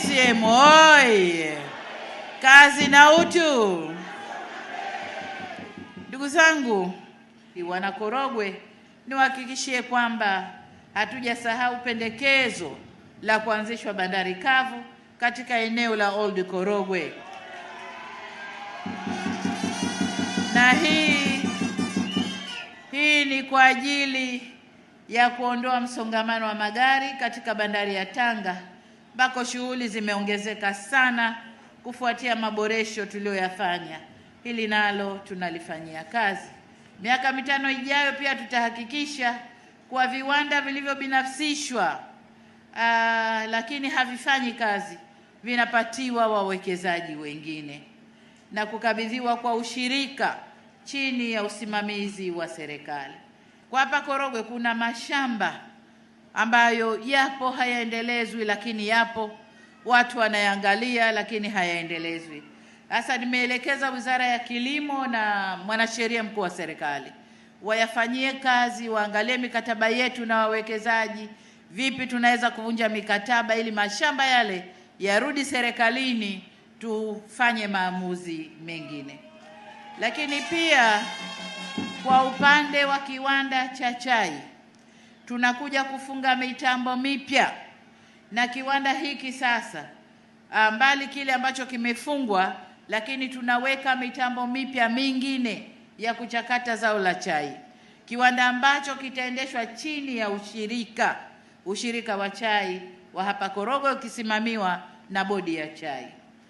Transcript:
CCM oye! Kazi na utu. Ndugu zangu Wanakorogwe, niwahakikishie kwamba hatujasahau pendekezo la kuanzishwa bandari kavu katika eneo la Old Korogwe, na hii hii ni kwa ajili ya kuondoa msongamano wa magari katika bandari ya Tanga ambako shughuli zimeongezeka sana kufuatia maboresho tuliyoyafanya. Hili nalo tunalifanyia kazi. Miaka mitano ijayo pia tutahakikisha kwa viwanda vilivyobinafsishwa aa, lakini havifanyi kazi vinapatiwa wawekezaji wengine na kukabidhiwa kwa ushirika chini ya usimamizi wa serikali. Kwa hapa Korogwe kuna mashamba ambayo yapo hayaendelezwi, lakini yapo, watu wanayangalia, lakini hayaendelezwi. Sasa nimeelekeza Wizara ya Kilimo na Mwanasheria Mkuu wa Serikali wayafanyie kazi, waangalie mikataba yetu na wawekezaji, vipi tunaweza kuvunja mikataba ili mashamba yale yarudi serikalini, tufanye maamuzi mengine. Lakini pia kwa upande wa kiwanda cha chai tunakuja kufunga mitambo mipya na kiwanda hiki sasa, ah, mbali kile ambacho kimefungwa, lakini tunaweka mitambo mipya mingine ya kuchakata zao la chai, kiwanda ambacho kitaendeshwa chini ya ushirika ushirika wa chai wa hapa Korogwe ukisimamiwa na bodi ya chai.